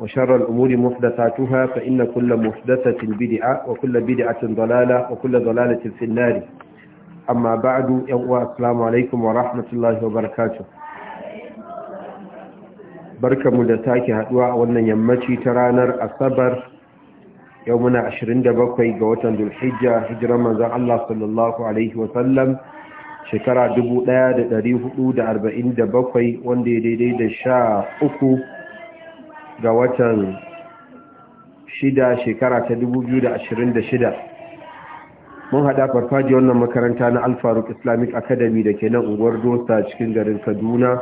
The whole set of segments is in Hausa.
وشر الأمور محدثاتها فإن كل محدثة بدعة وكل بدعة ضلالة وكل ضلالة في النار أما بعد السلام عليكم ورحمة الله وبركاته بركة مدتاك هدواء وانا يمتي ترانر الصبر يومنا عشرين دبقوي قوتا ذو الحجة هجر من الله صلى الله عليه وسلم شكرا دبو لا دريه أود أربعين دبقوي وان دي دي دي, دي شاء أكو ga watan shida shekara ta shida, mun haɗa farfaji wannan makaranta na alfaruk islamic academy da ke nan unguwar dosa cikin garin kaduna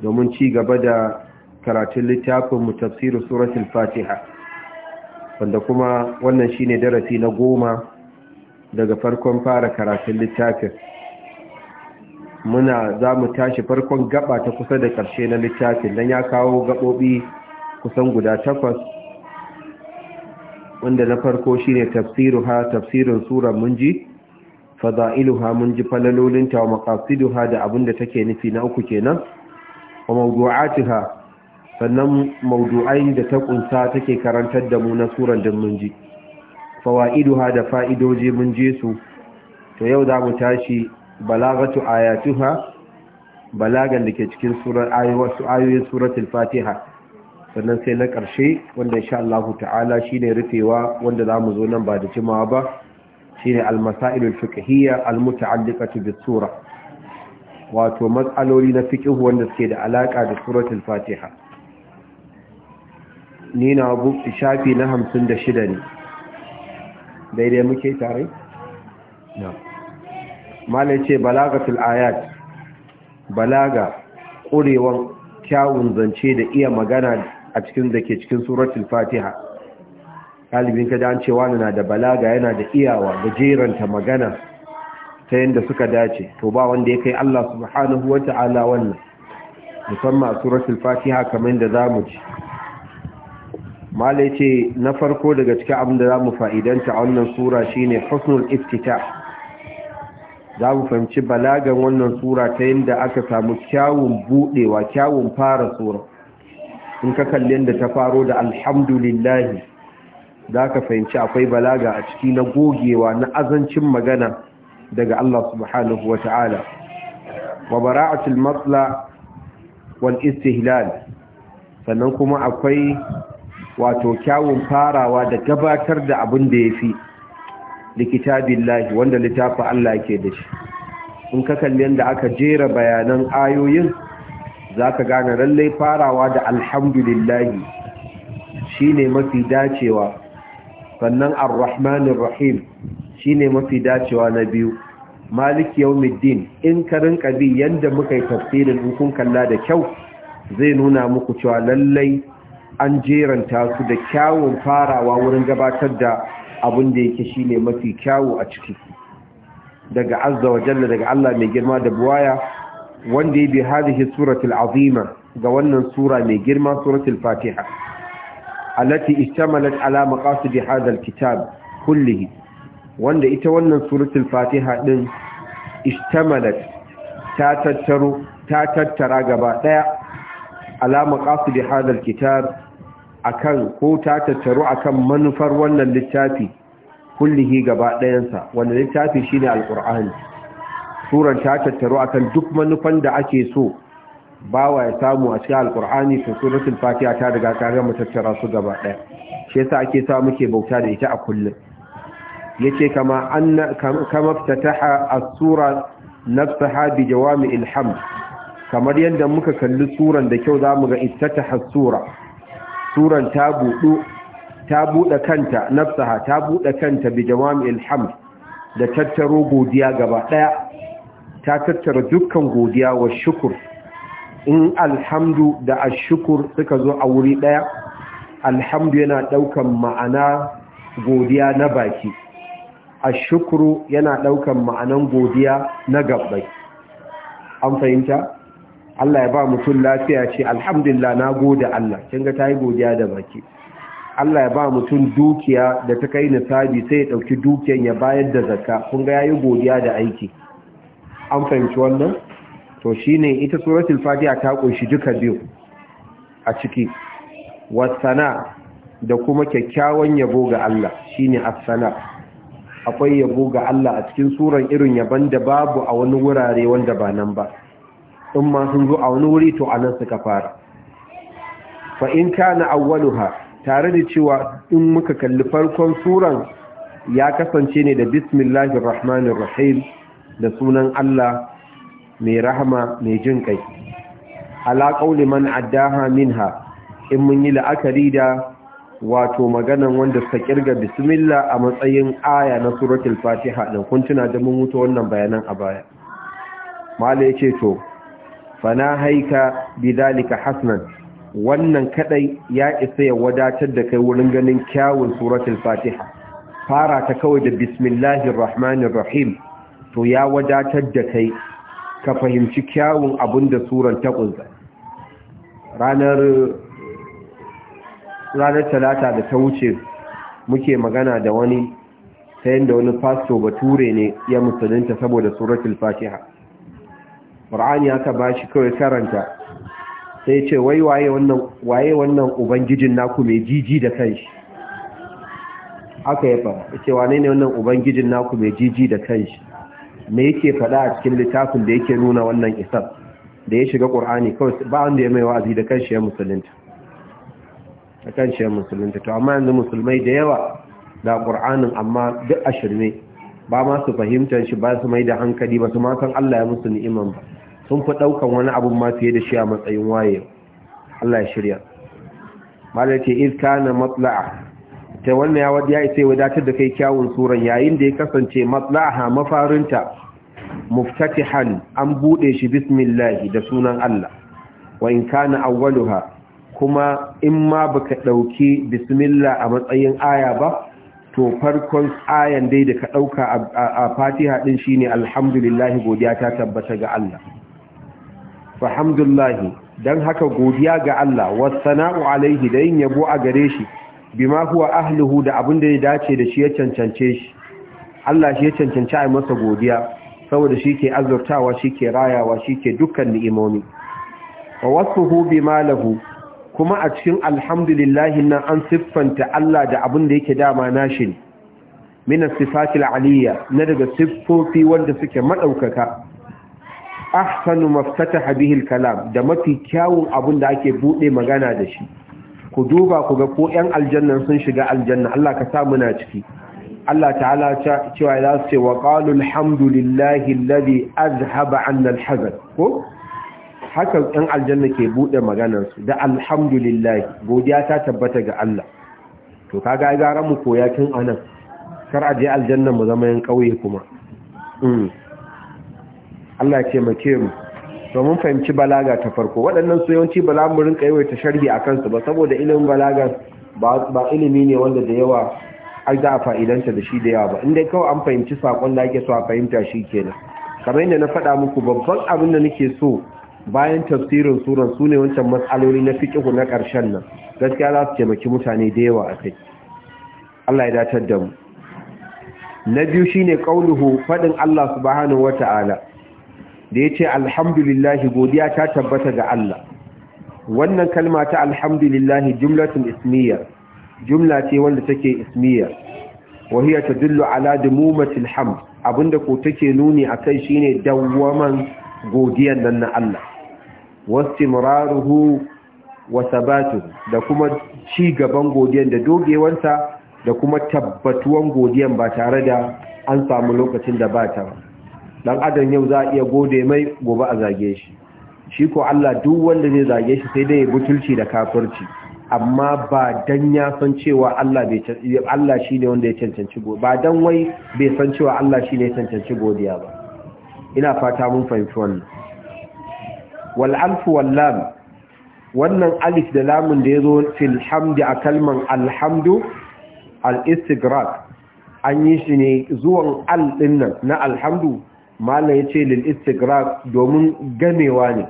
domin ci gaba da karatun littafin mu tafsirin suratul fatiha wanda kuma wannan shine darasi na goma daga farkon fara karatun littafin muna za mu tashi farkon gaba ta kusa da ƙarshe na littafin don ya kawo gaɓoɓi kusan guda takwas wanda na farko shine ha tafsirin sura munji ha munji falalolinta wa ha da abinda take nufi na uku kenan wa ha sannan mawdu'ai da ta kunsa take karantar da mu na suran din munji fawaiduha da fa'idoji munji su to yau za mu tashi balagatu ayatuha balagan da ke cikin surar ayoyin suratul fatiha sannan sai na ƙarshe wanda insha Allah ta'ala shine rufewa wanda zamu zo nan ba da jimawa ba shine al-masail al-fiqhiyya al-muta'alliqatu bis-sura wato matsaloli na fiqh wanda suke da alaka da suratul Fatiha ni na bu shafi na 56 ne daidai muke tare na mallai ce balagatul ayat balaga ƙurewan kyawun zance da iya magana a cikin da ke cikin suratul fatiha ɗalibin ka da an cewa na da balaga yana da iyawa da jeranta magana ta yadda suka dace to ba wanda ya kai Allah subhanahu wa ta'ala wannan musamman a suratul fatiha kamar da za mu ci malai ce na farko daga cikin abin da za mu fa'idanta a wannan sura shine husnul iftita za mu fahimci balagan wannan sura ta yadda aka samu kyawun buɗewa, kyawun fara sura in ka kalli yadda ta faro da alhamdulillahi za ka fahimci akwai balaga a ciki na gogewa na azancin magana daga Allah subhanahu wa ta'ala wa bara'atul matsala wal istihlal sannan kuma akwai wato kyawun farawa da gabatar da abin da yafi fi likitabillahi wanda littafin Allah ke da shi in ka kalli yadda aka jera bayanan ayoyin za ka gane lallai farawa da alhamdulillahi shi ne mafi dacewa sannan arrahmanin rahim shi ne mafi dacewa na biyu maliki yau middin in karin ƙabi yadda muka yi tafsirin hukun kalla da kyau zai nuna muku cewa lallai an jeranta su da kyawun farawa wurin gabatar da abin da yake shi ne mafi kyawu a ciki daga azza wa jalla daga allah mai girma da buwaya wanda ya bi hadhihi suratul azima ga wannan sura mai girma suratul fatiha allati istamalat ala maqasid hadha alkitab kullihi wanda ita wannan suratul fatiha din istamalat ta tattaro ta tattara gaba daya ala maqasid hadha alkitab akan ko ta tattaru akan manufar wannan littafi kullihi gaba dayansa wannan littafi shine alqur'ani suran ta tattaro akan duk manufan da ake so ba wa ya samu a cikin alkur'ani to suratul fatiha ta daga kare gama tattara su gaba ɗaya shi yasa ake sa muke bauta da ita a kullum yace kama anna kama ftataha as-sura nafsaha bi jawami kamar yadda muka kalli suran da kyau zamu ga ittataha as-sura suran ta budu ta kanta nafsaha ta buɗe kanta bi jawami da tattaro godiya gaba ɗaya ta tattara dukkan godiya wa shukur in alhamdu da ashukur suka zo a wuri ɗaya alhamdu yana ɗaukan ma'ana godiya na baki ashukuru yana ɗaukan ma'anan godiya na gabbai an fahimta Allah ya ba mutum lafiya ce alhamdulillah na gode Allah kin ga tayi godiya da baki Allah ya ba mutum dukiya da ta kai nisabi sai ya dauki dukiyan ya bayar da zakka kun ga yayi godiya da aiki an fahimci wannan to shi ne ita suratul fatiha ta kunshi duka biyu a ciki wasana da kuma kyakkyawan yabo ga Allah shi ne sana akwai yabo ga Allah a cikin suran irin yaban da babu a wani wurare wanda ba nan ba in ma sun zo a wani wuri to a nan suka fara fa in kana awwaluha tare da cewa in muka kalli farkon suran ya kasance ne da bismillahir rahmanir rahim da sunan Allah mai rahama mai jin kai ala qauli man addaha minha in mun yi la'akari da wato maganan wanda suka kirga bismillah a matsayin aya na suratul fatiha din kun tuna da mun mutu wannan bayanan a baya ya yace to fana haika bidalika hasnan wannan kadai ya isa ya wadatar da kai wurin ganin kyawun suratul fatiha fara ta kawai da bismillahir rahmanir rahim to ya wadatar da kai ka fahimci kyawun abin da suran ta ƙunza ranar talata da ta wuce muke magana da wani ta da wani fasto bature ne ya musulunta saboda suratul fatiha ƙur'ani aka ba shi kawai karanta sai ce wai waye wannan ubangijin naku mai jiji da kanshi aka yi ba ce wane ne wannan ubangijin naku mai jiji da kanshi me yake faɗa a cikin littafin da yake nuna wannan isar da ya shiga ƙur'ani kawai ba wanda ya mai wa'azi da kan shiyar musulunta da kan shiyar musulunta to amma yanzu musulmai da yawa da ƙur'anin amma duk a shirme ba ma su fahimtar shi ba su mai da hankali ba su ma san Allah ya musu ni'iman ba sun fi ɗaukan wani abun ma fiye da shi a matsayin waye Allah ya shirya malaka iz kana matla'a ta wannan ya ya isa wadatar da kai kyawun suran yayin da ya kasance matsaha mafarinta muftatihan an buɗe shi "Bismillahi," da sunan Allah wa in kana awwaluha kuma in ma baka ɗauki bismillah a matsayin aya ba to farkon ayan dai da ka dauka a Fatiha din shine Alhamdulillahi, godiya ta tabbata ga Allah fa hamdulillah dan haka godiya ga Allah wasu sana'u alaihi da yin yabo a gare shi ma huwa ahluhu da abin da ya dace da shi ya cancance shi Allah shi ya cancanci a masa godiya saboda shi ke azurtawa shi ke rayawa shi ke dukkan ni'imomi wa wasuhu bi malahu kuma a cikin alhamdulillahi nan an siffanta Allah da abin da yake dama nashi ne min sifatil aliyya na daga siffofi wanda suke madaukaka ahsanu maftataha bihi kalam da mafi kyawun abin da ake bude magana da shi ku duba ku ga ko ƴan aljanna sun shiga aljanna Allah ka sa muna ciki Allah ta'ala cewa ya ce wa qalu alhamdulillahi alladhi azhaba 'anna alhazan ko haka ƴan aljanna ke bude maganar su da alhamdulillahi godiya ta tabbata ga Allah to kaga gara mu koya tun anan kar a je aljanna mu zama yan kauye kuma hmm. Allah ya ce mu domin fahimci balaga ta farko waɗannan su yawanci ba mu rinka yawaita sharhi a kansu ba saboda ilimin balaga ba ilimi ne wanda da yawa a za a fa'idanta da shi da yawa ba inda kawai an fahimci saƙon da ake so a fahimta shi kenan kamar yadda na faɗa muku babban abin da nake so bayan tafsirin suran su ne wancan matsaloli na fiƙihu na ƙarshen nan gaskiya za su taimaki mutane da yawa a kai Allah ya datar da mu na biyu shine ƙaunuhu faɗin Allah subhanahu wata'ala da ya yace alhamdulillah godiya ta tabbata ga Allah wannan kalma ta alhamdulillah jumlatun ismiyya jumla ce wanda take ismiyya wahiya ta tadullu ala dumumatil hamd abinda ko take nuni akai shine dawwaman godiyan nan na Allah wastimraruhu wa sabatuhu da kuma ci gaban godiyan da dogewansa da kuma tabbatuwan godiyan ba tare da an samu lokacin da ba ta ba dan adam yau za a iya gode mai gobe a zage shi shi ko Allah duk wanda zai zage shi sai dai butulci da kafirci amma ba dan ya san cewa Allah bai Allah shine wanda ya cancanci godiya ba dan wai bai san cewa Allah shine ya cancanci godiya ba ina fata mun fahimci wannan wal alf wal lam wannan alif da lamun da yazo fil hamdi a kalman alhamdu al istighraq an yi shi ne zuwan al dinnan na alhamdu malam ya ce lil domin gamewa ne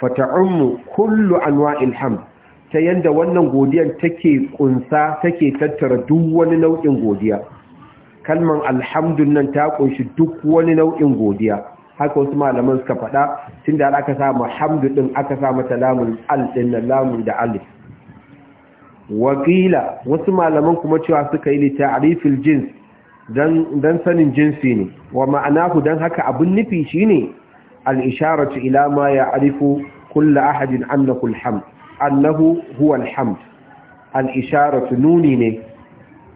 fata'ummu kullu anwa'il hamd ta yanda wannan godiyar take kunsa take tattara duk wani nau'in godiya Kalmar alhamdun nan ta kunshi duk wani nau'in godiya haka wasu malaman suka faɗa tunda aka samu hamdu din aka sa mata lamun al din lamun da alif wakila wasu malaman kuma cewa suka yi li jins dan sanin jinsi ne wa ma'anahu dan haka abin nufi shine al-isharatu ila ma ya'rifu kullu ahadin annahu al-hamd annahu huwa al-hamd nuni ne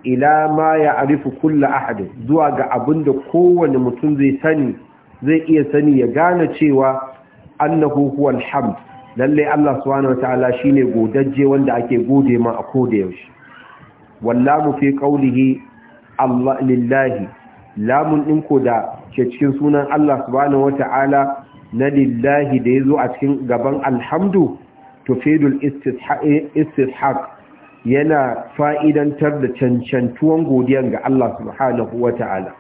ila ma ya'rifu kullu ahadin zuwa ga abinda kowanne mutum zai sani zai iya sani ya gane cewa annahu huwa al-hamd lalle Allah subhanahu wataala shine godajje wanda ake gode ma a koda yaushe wallahu fi qawlihi Allah lillahi lamun din ko da ke cikin sunan Allah subhanahu wata'ala na lillahi da yazo a cikin gaban alhamdu tufidul istishaq yana fa'idantar da cancantuwan godiyan ga Allah subhanahu wata'ala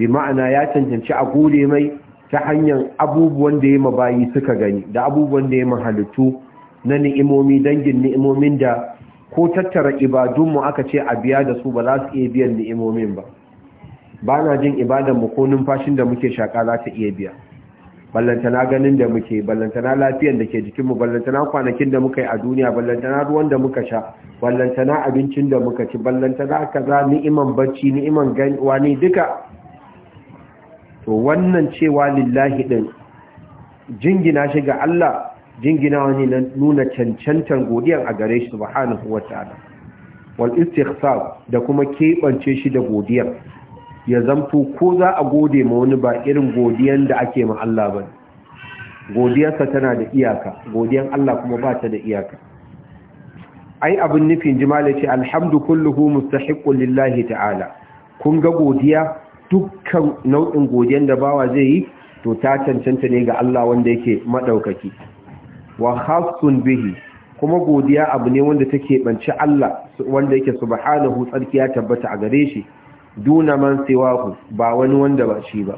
bi ma'ana ya cancanci a gode mai ta hanyar abubuwan da ya mabayi suka gani da abubuwan da ya mahalittu na ni'imomi dangin ni'imomin da ko tattara ibadunmu aka ce a biya da su ba za su iya biyan ni'imomin ba ba na jin ibadanmu ko numfashin da muke shaƙa za ta iya biya ballantana ganin da muke ballantana lafiyan da ke jikinmu ballantana kwanakin da muka yi a duniya ballantana ruwan da muka sha ballantana abincin da muka ci ballantana kaza ni'iman bacci ni'iman ganuwa ne duka to wannan cewa lillahi din jingina shi ga Allah jinginawa ne na nuna cancantar godiyan a gare shi subhanahu wa ta'ala wal istighfar da kuma keɓance shi da godiyan ya zamto ko za a gode ma wani ba irin godiyan da ake ma Allah ba godiyarsa tana da iyaka godiyan Allah kuma ba ta da iyaka ai abin nufin jimala ce alhamdu kulluhu mustahiqqun lillahi ta'ala kun ga godiya dukkan nau'in godiyan da bawa zai yi to ta cancanta ne ga Allah wanda yake madaukaki wa khasun bihi kuma godiya abu ne wanda take banci Allah wanda yake subhanahu tsarki ya tabbata a gare shi duna man siwahu ba wani wanda ba shi ba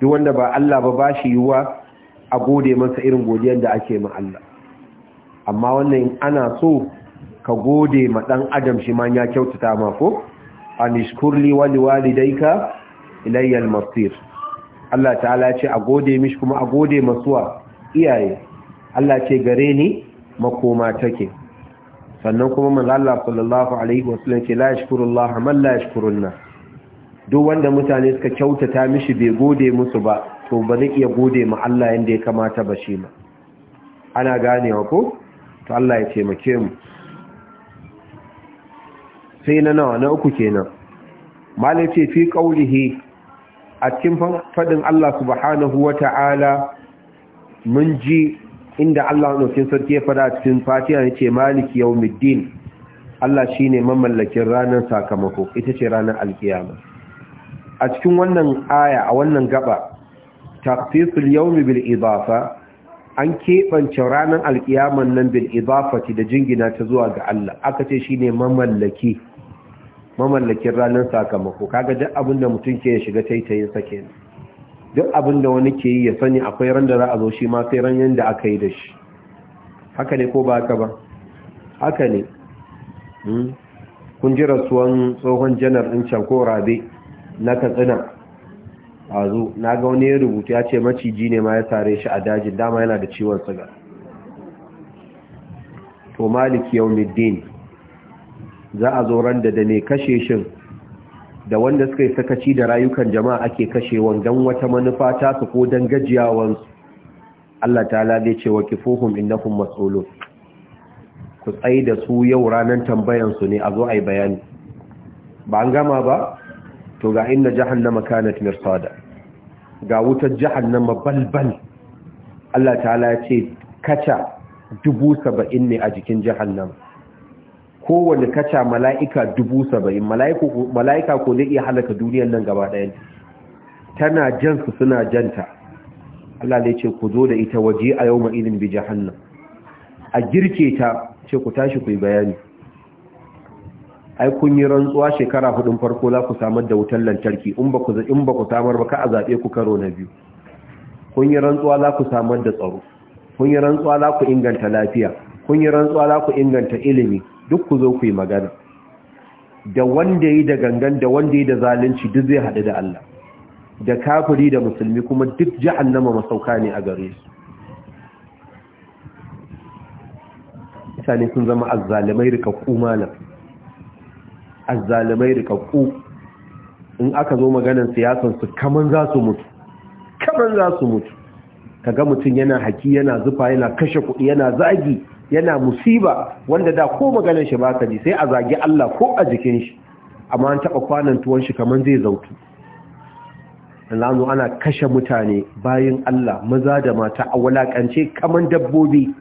duk wanda ba Allah ba ba shi yiwa a gode masa irin godiyar da ake ma Allah amma wannan in ana so ka gode ma dan adam shi ma ya kyautata ma ko anishkurli wali walidayka ilayya almasir Allah ta'ala ya ce a gode mishi kuma a gode masuwa iyaye Allah ce gare ni makoma take sannan kuma manzo Allah sallallahu alaihi wasallam ce la yashkurullah man la yashkurunna duk wanda mutane suka kyautata mishi bai gode musu ba to ba zai iya gode ma Allah yanda ya kamata ba shi ma ana ganewa ko to Allah ya taimake mu sai na nawa na uku kenan malai ce fi qaulihi a cikin fadin Allah subhanahu wata'ala mun ji inda Allah nufin sarki ya fada cikin fatiha ya ce maliki middin Allah shi ne mamallakin ranar sakamako ita ce ranar alkiyama a cikin wannan aya a wannan gaba yau mi bil ibafa, an keɓance ranar alkiyaman nan bil ce da jingina ta zuwa ga Allah aka ce shine mamallaki mamallakin ranar sakamako kaga duk abin da mutum ke shiga taitayin sa kenan duk abin da wani ke yi ya sani akwai ran da za a zo shi ma sai ran yanda aka yi da shi haka ne ko ba haka ba haka ne hmm? kun ji rasuwan tsohon janar ɗin can ko rabe na katsina a zo na ga wani ya rubuta ya ce maciji ne ma ya sare shi a dajin dama yana da ciwon siga to maliki yau middin za a zo ran da da ne kashe shin da wanda suka yi sakaci da rayukan jama'a ake kashewan don wata manufa ta su ko don gajiyawansu Allah ta zai ce wa kifuhum innahum matsolo ku tsaye da su yau ranar tambayansu ne a zo a yi bayani ba an gama ba to ga inda inna jahannama kanat mirsada ga wutar na mabalbal Allah Ta ya ce kaca dubu saba'in ne a jikin jihar jahannama kowane kaca mala'ika dubu saba'in mala'ika ko zai iya halaka duniyar nan gaba ɗaya tana jansu suna janta Allah ne ce ku zo da ita waje a yau ma'ilin bi jahannan a girke ta ce ku tashi ku yi bayani ai kun yi rantsuwa shekara hudun farko za ku samar da wutar lantarki in ba ku in ba ku samar ba ka a zaɓe ku karo na biyu kun yi rantsuwa za ku samar da tsaro kun yi rantsuwa za ku inganta lafiya kun yi rantsuwa za ku inganta ilimi duk ku zo ku yi magana da wanda yi da gangan da wanda yi da zalunci duk zai haɗu da Allah da kafiri da musulmi kuma duk jahannama masauka ne a gare su mutane sun zama azzalimai rikakku malam azzalimai rikakku in aka zo maganar siyasan su kaman za su mutu kaman za su mutu Ka ga mutum yana haki yana zufa yana kashe kuɗi yana zagi yana musiba wanda da ko maganar shi ba baka ji sai a zagi Allah ko a jikin shi amma an taba kwanan tuwon shi kaman zai zautu Allah ana kashe mutane bayan Allah maza da mata a walakance kaman dabbobi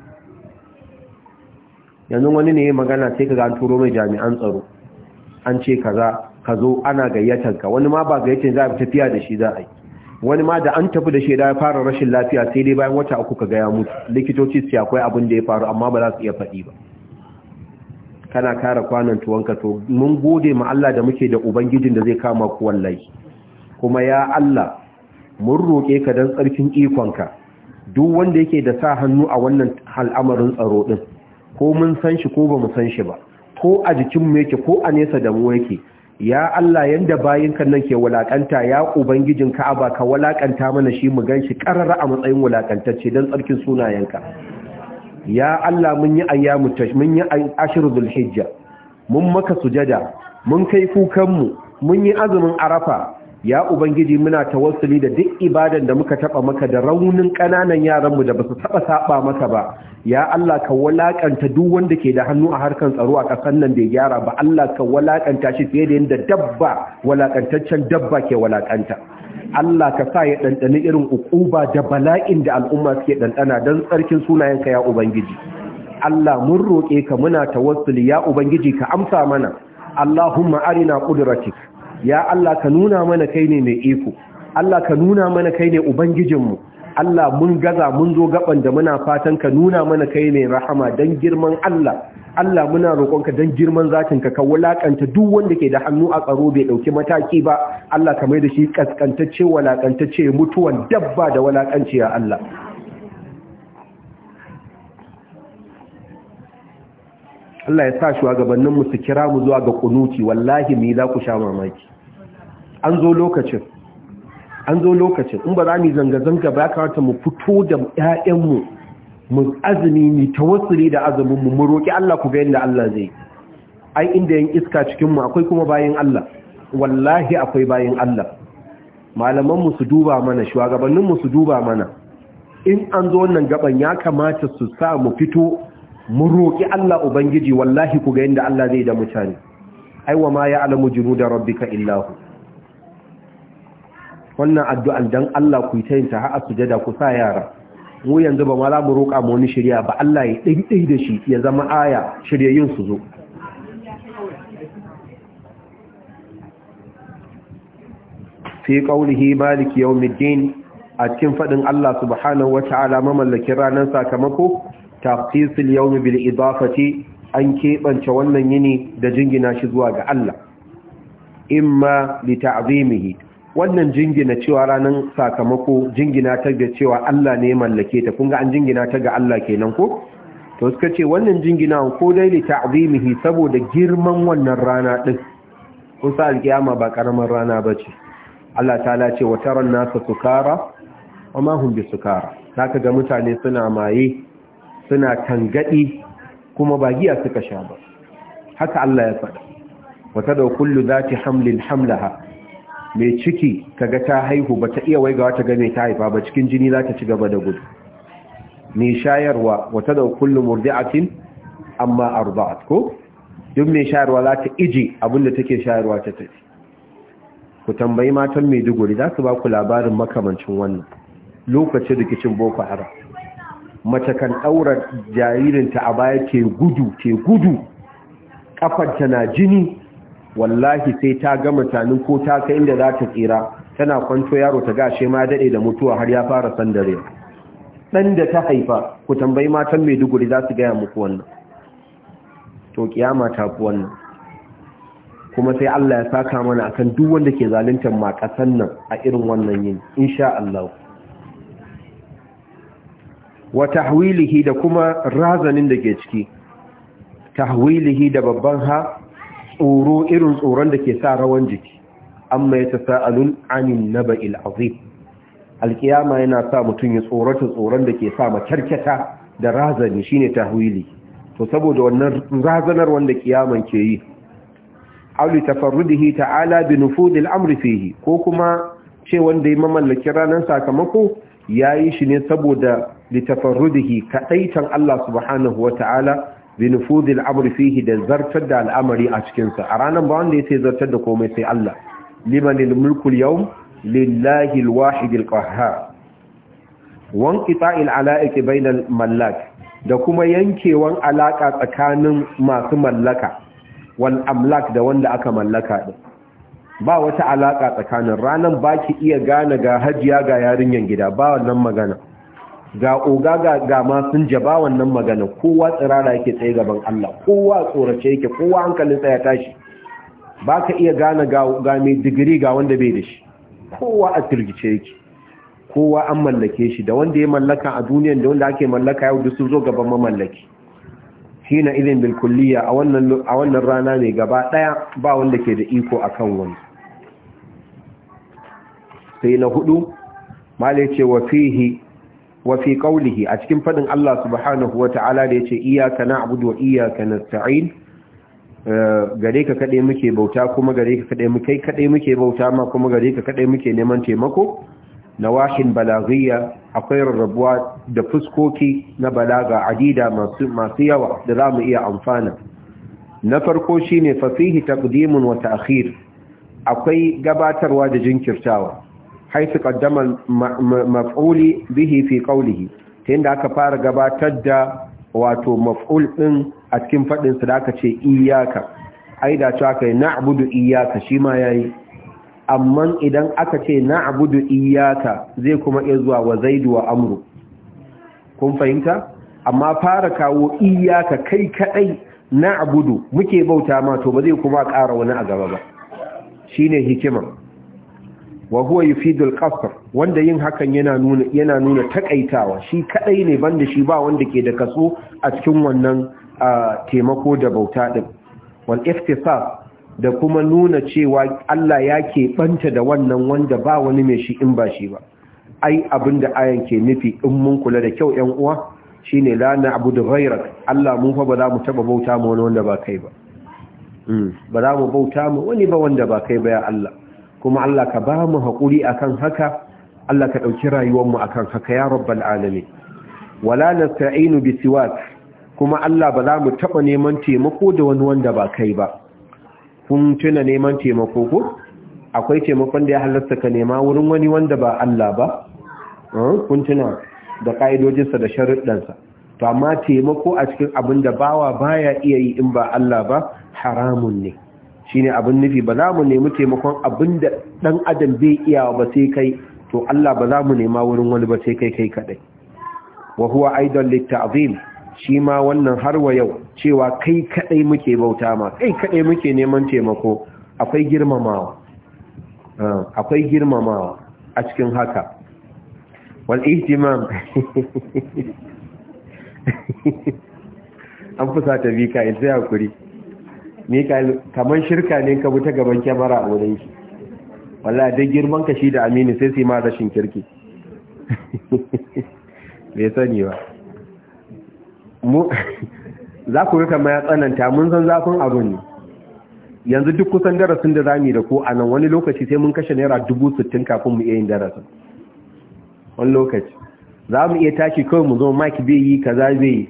yanzu wani ne magana sai kaga an turo mai jami'an tsaro an ce kaza ka zo ana gayyatar ka wani ma ba gayyatar za a tafiya da shi za a yi wani ma da an tafi da shaida ya fara rashin lafiya sai dai bayan wata uku ka gaya mutu likitoci su akwai abin da ya faru amma ba za su iya faɗi ba kana kara kwanan tuwanka to mun gode ma Allah da muke da ubangijin da zai kama ku wallahi kuma ya Allah mun roƙe ka dan tsarkin ikonka duk wanda yake da sa hannu a wannan al'amarin tsaro din ko mun san shi ko ba mu san shi ba ko a jikin mu yake ko a nesa da mu yake ya Allah yanda bayinkan nan ke wulakanta ya ubangijin Ka'aba ka wulakanta mana shi mu ganshi karara a matsayin wulakantacce dan tsarkin sunayenka ya Allah mun yi ayyamu tash mun yi ashru dhulhijja mun maka sujada mun kai kukan mu mun yi azumin arafa ya ubangiji muna ta tawassuli da duk ibadan da muka taɓa maka da raunin ƙananan yaran mu da basu taba saba maka ba ya Allah ka walakanta duk wanda ke da hannu a harkar tsaro a ƙasar nan bai gyara ba Allah ka walakanta shi fiye da yadda dabba walakantaccen dabba ke walakanta Allah ka sa ya ɗanɗani irin ukuba da bala'in da al'umma suke ɗanɗana don tsarkin sunayenka ya Ubangiji Allah mun roƙe ka muna tawassul ya Ubangiji ka amsa mana Allahumma arina qudratik ya Allah ka nuna mana kai ne mai iko Allah ka nuna mana kai ne ubangijinmu Allah mun gaza mun zo gaban da muna fatan ka nuna mana kai mai rahama dan girman Allah Allah muna roƙonka dan girman zatin ka ka wulakanta duk wanda ke da hannu a tsaro bai ɗauki mataki ba Allah ka mai da shi kaskantacce wulakantacce mutuwan dabba da walaƙanci ya Allah Allah ya sa mu su kira mu zuwa ga kunuti wallahi mai za ku sha mamaki an zo lokacin an zo lokacin in ba za mu zanga-zanga ba ya kamata mu fito da ƴaƴanmu mu azumi ne ta wasiri da azumin mu mu roƙi Allah ku ga yadda Allah zai ai inda yin iska cikinmu akwai kuma bayan Allah wallahi akwai bayan Allah malamanmu su duba mana mu su duba mana in an zo wannan gaban ya kamata su sa mu fito mu roƙi Allah Ubangiji wallahi ku ga yanda Allah zai da mutane ai wa ma ya alamu da rabbika illahu wannan addu'an don Allah ku ta yin ta su sujada ku sa yara mu yanzu ba ma za mu roƙa mu wani shirya ba Allah ya ɗaiɗai da shi ya zama aya shiryayyun su zo fi maliki yau middin a cikin faɗin Allah subhanahu wata'ala mamallakin ranar sakamako ta yau yawmi bil idafati an keɓance wannan yini da jingina shi zuwa ga Allah imma li ta'zimihi wannan jingina cewa ranar sakamako jingina ta ga cewa Allah ne mallake ta kun an jingina ta ga Allah kenan ko to suka ce wannan jingina ko dai li ta'zimihi saboda girman wannan rana din kun sa alkiyama ba karamar rana bace Allah ta'ala ce wa taran nasu sukara wa ma hum bisukara zaka ga mutane suna maye suna tangadi kuma ba giya suka sha ba haka Allah ya faɗa wa tadau kullu dhati hamlin hamlaha mai ciki kaga ta haihu ba ta iya waigawa ta wata mai ta haifa ba cikin jini za ta ci gaba da gudu mai shayarwa wata da kullu murdi'atin amma arba'at ko duk mai shayarwa za ta iji abinda take shayarwa ta tafi ku tambayi matan Maiduguri za su ba ku labarin makamancin wannan lokacin rikicin Boko Haram mace kan daura jaririnta a baya ke gudu ke gudu kafanta na jini wallahi sai ta ga mutanen ko ta kai inda za ta tsira tana kwanto yaro ta gashe ma daɗe da mutuwa har ya fara sandare dan da ta haifa ku tambayi matan Maiduguri za su gaya muku wannan to kiyama ta fi wannan kuma sai Allah ya saka mana akan duk wanda ke zaluntar ma kasan nan a irin wannan yin insha Allah wa tahwilihi da kuma razanin da ke ciki tahwilihi da babban ha tsoro irin tsoron da ke sa rawan jiki amma ya amin na ba'il azim alkiyama yana sa mutum ya tsorata tsoron da ke sa makyarkyata da razani shine huili to saboda wannan razanar wanda kiyaman ke yi auli tafarrudihi ta'ala bi nufudil amri fihi ko kuma ce wanda ya mamallaki ranar sakamako yayi shi ne saboda litafarrudihi kadaitan Allah subhanahu ta'ala. bi nufuzil amri fihi da zartar da al'amari a cikinsa. a ranar ba wanda yake zartar da komai sai Allah limanil mulkul al-yawm lillahi al-wahid al-qahhar wan qita'il ala'iq bainal mallak da kuma yankewan alaka tsakanin masu mallaka wal amlak da wanda aka mallaka din ba wata alaka tsakanin ranan baki iya gane ga hajiya ga yarinyan gida ba wannan magana ga oga ga gama sun jaba wannan magana kowa tsirara yake tsaye gaban Allah kowa tsorace yake kowa hankalin ya tashi ba ka iya gane ga mai digiri ga wanda bai da shi kowa a firgice yake kowa an mallake shi da wanda ya mallaka a duniyan da wanda ake mallaka yau duk sun zo gaban mamallaki shi ilin bilkulliya a wannan rana mai gaba daya ba wanda ke da iko akan wani sai na hudu malai ce wa fihi wa fi qawlihi a cikin fadin Allah subhanahu wata'ala da yace iyyaka na'budu wa iyyaka nasta'in eh, gare ka kade muke bauta kuma gare ka kade muke kade muke bauta ma kuma gare ka kade muke neman taimako nawashin balaghiya akwai rarrabuwa da fuskoki na balaga adida masu masu yawa da zamu iya amfana na farko shine fasihi taqdimun wa ta'khir akwai gabatarwa da jinkirtawa haisu qaddama maf'uli bihi fi qawlihi ta yadda aka fara gabatar da wato maf'ul ɗin a cikin faɗin sa da aka ce iyaka ai da cewa kai na'budu iyaka shi ma yayi amma idan aka ce na'budu iyaka zai kuma iya zuwa wa zaidu wa amru kun fahimta amma fara kawo iyaka kai kadai na'budu muke bauta ma to ba zai kuma ƙara wani a gaba ba shine hikima. wa huwa yufidul qasr wanda yin hakan yana nuna yana nuna takaitawa shi kadai ne banda shi ba wanda ke da kaso a cikin wannan taimako da bauta din wal iftisas da kuma nuna cewa Allah ya ke banta da wannan wanda ba wani mai shi in ba shi ba ai abinda ayan ke nufi in mun kula da kyau 'yan uwa shine la na'budu ghayrak Allah mun fa ba za mu taba bauta mu wani wanda ba kai ba hmm, ba za mu bauta mu wani ba wanda ba kai ba ya Allah kuma Allah ka ba mu haƙuri akan haka Allah ka ɗauki a akan haka ya rabbal alami. wala sa'inu bi siwat kuma Allah ba za mu taɓa neman taimako da wani wanda ba kai ba kun tuna neman taimako ko akwai taimakon da ya halasta ka nema wurin wani wanda ba Allah ba hmm, kun tuna da ƙa'idojinsa da sharuɗansa to amma taimako a cikin abin da bawa baya iya yi in ba Allah ba haramun ne ne abin nufi ba za mu nemi taimakon abin da ɗan adam bai iya ba sai kai to Allah ba za mu nema wurin wani ba sai kai kai kaɗai wa huwa aidan litta'zim shi ma wannan har wa yau cewa kai kaɗai muke bauta ma kai kaɗai muke neman taimako akwai girmamawa akwai girmamawa a cikin haka wal ihtimam an fusa ta bika in sai hakuri kamar shirka ne ka wuta gaban kyamara a wurin shi wallah dai girman ka shi da aminu sai yi ma rashin kirki bai sani ba za ku yi kama ya tsananta mun san zafin abin ne yanzu duk kusan darasin da zami da ko a nan wani lokaci sai mun kashe naira dubu sittin kafin mu iya yin darasin wani lokaci za mu iya tashi kawai mu zo maki bai yi kaza bai yi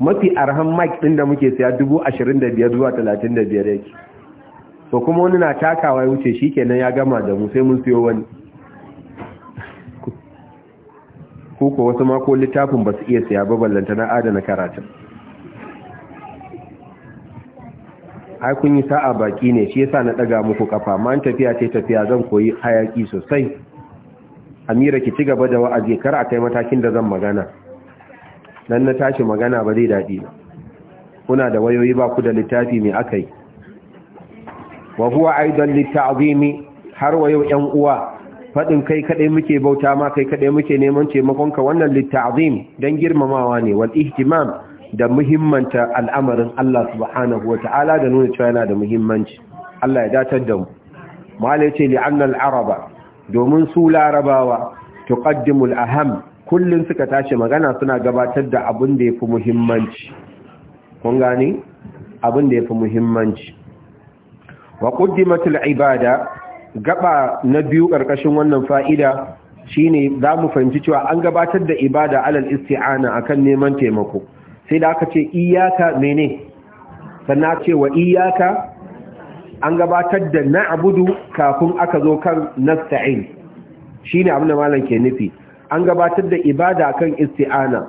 mafi arhan mic din da muke siya dubu zuwa talatin da yake to kuma wani na takawa ya wuce shi kenan ya gama da mu sai mun siyo wani ko wasu mako littafin ba su iya siya ba ballanta na adana karatun ai kun yi sa'a baki ne shi yasa na daga muku kafa man tafiya ce tafiya zan koyi hayaki sosai amira ki ci gaba da wa'azi kar a kai matakin da zan magana nan na tashi magana ba zai daɗi kuna da wayoyi ba ku da littafi mai aka yi wa huwa aidan litta'zimi har wayo yan uwa fadin kai kadai muke bauta ma kai kadai muke neman taimakon ka wannan litta'zim dan girmamawa ne wal ihtimam da muhimmanta al'amarin Allah subhanahu wata'ala da nuna cewa yana da muhimmanci Allah ya datar da mu mala yace li araba domin su larabawa tuqaddimu aham kullum suka tashi magana suna gabatar da abin da ya fi muhimmanci kun gani abin da ya fi muhimmanci wa ƙuddimatul ibada gaba na biyu ƙarƙashin wannan fa'ida shine za mu fahimci cewa an gabatar da ibada alal isti'ana akan neman taimako sai da aka ce iyaka mene sannan ce wa iyaka an gabatar da na'budu kafin aka zo kan nasta'in shine abin da malam ke nufi an gabatar da ibada akan isti'ana